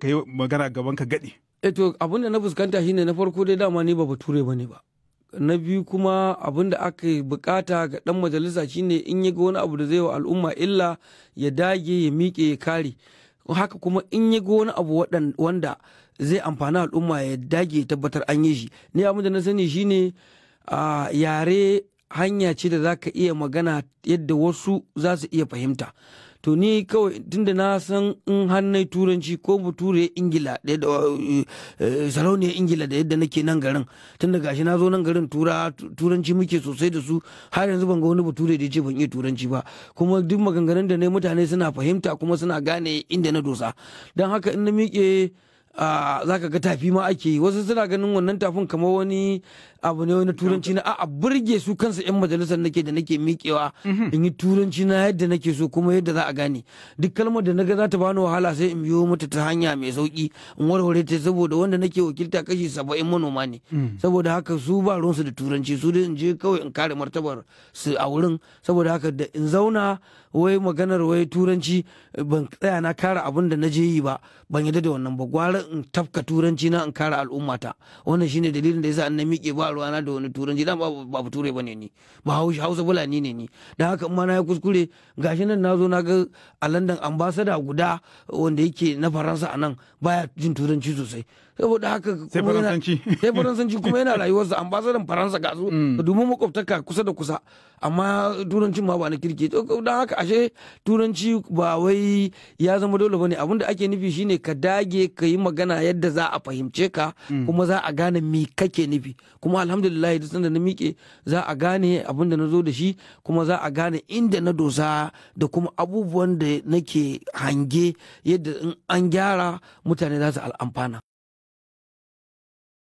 ka yi magana gaban ka gaɗe. Eto eh, abin da na fuskanta shine na farko dai dama ni ba bature ba ne ba. Na biyu kuma abin da aka bukata ga ɗan majalisa shine in ya ga wani abu da zai wa al'umma illa ya dage ya miƙe ya kare. Haka kuma in ya ga wani abu wanda zai amfani al'umma ya dage ya tabbatar an yi shi. Ni abin da na sani shine a yare hanya ce da za ka iya magana yadda wasu za su iya fahimta. to ni kawai tunda na san in hannai turanci ko bature ingila da eh, sarauniyar ingila da yadda nake nan garin tunda gashi na zo nan garin turanci muke sosai da su har yanzu ban ga wani bature da ya ce ban iya turanci ba kuma duk maganganun da na mutane suna fahimta kuma suna gane inda na dosa don haka in na miƙe za ka ga tafi ma ake yi wasu suna ganin wannan tafin kamar wani abu ne wani turanci na a burge su kansa yan majalisar nake da nake miƙewa mhm. in yi turanci na yadda nake so kuma yadda za a gane duk kalmar da naga za ta bani wahala sai in biyo mata ta hanya mai sauki in warware ta saboda wanda nake wakilta kashi saba'in manoma ne mm. saboda haka su ba ruwansu da turanci su dai in je kawai in kare martabar su a wurin saboda haka da in zauna wai maganar wai turanci ban tsaya na kare abin da na je yi ba ban yadda da wannan ba gwara in tafka turanci na in kare al'ummata wannan shine dalilin da yasa an na miƙe ba na da wani turanci dan ba ba ture bane ni ba Hausa Fulani ne ni dan haka amma na ya kuskure gashi nan na zo na ga a London ambassador guda wanda yake na Faransa a nan baya jin turanci sosai saboda haka sai faransanci kuma yana rayuwarsa ambasadan faransa ga su mm. domin makwabtaka kusa da kusa amma turanci ma ba na kirki don haka ashe turanci ba wai ya zama dole bane abinda ake nufi shine ka dage ka yi magana yadda za a fahimce ka mm. kuma za a gane me kake nufi kuma alhamdulillah duk sanda na miƙe za a gane abin da na zo da shi kuma za a gane inda na dosa da kuma abubuwan da nake hange yadda in an gyara mutane za su al'amfana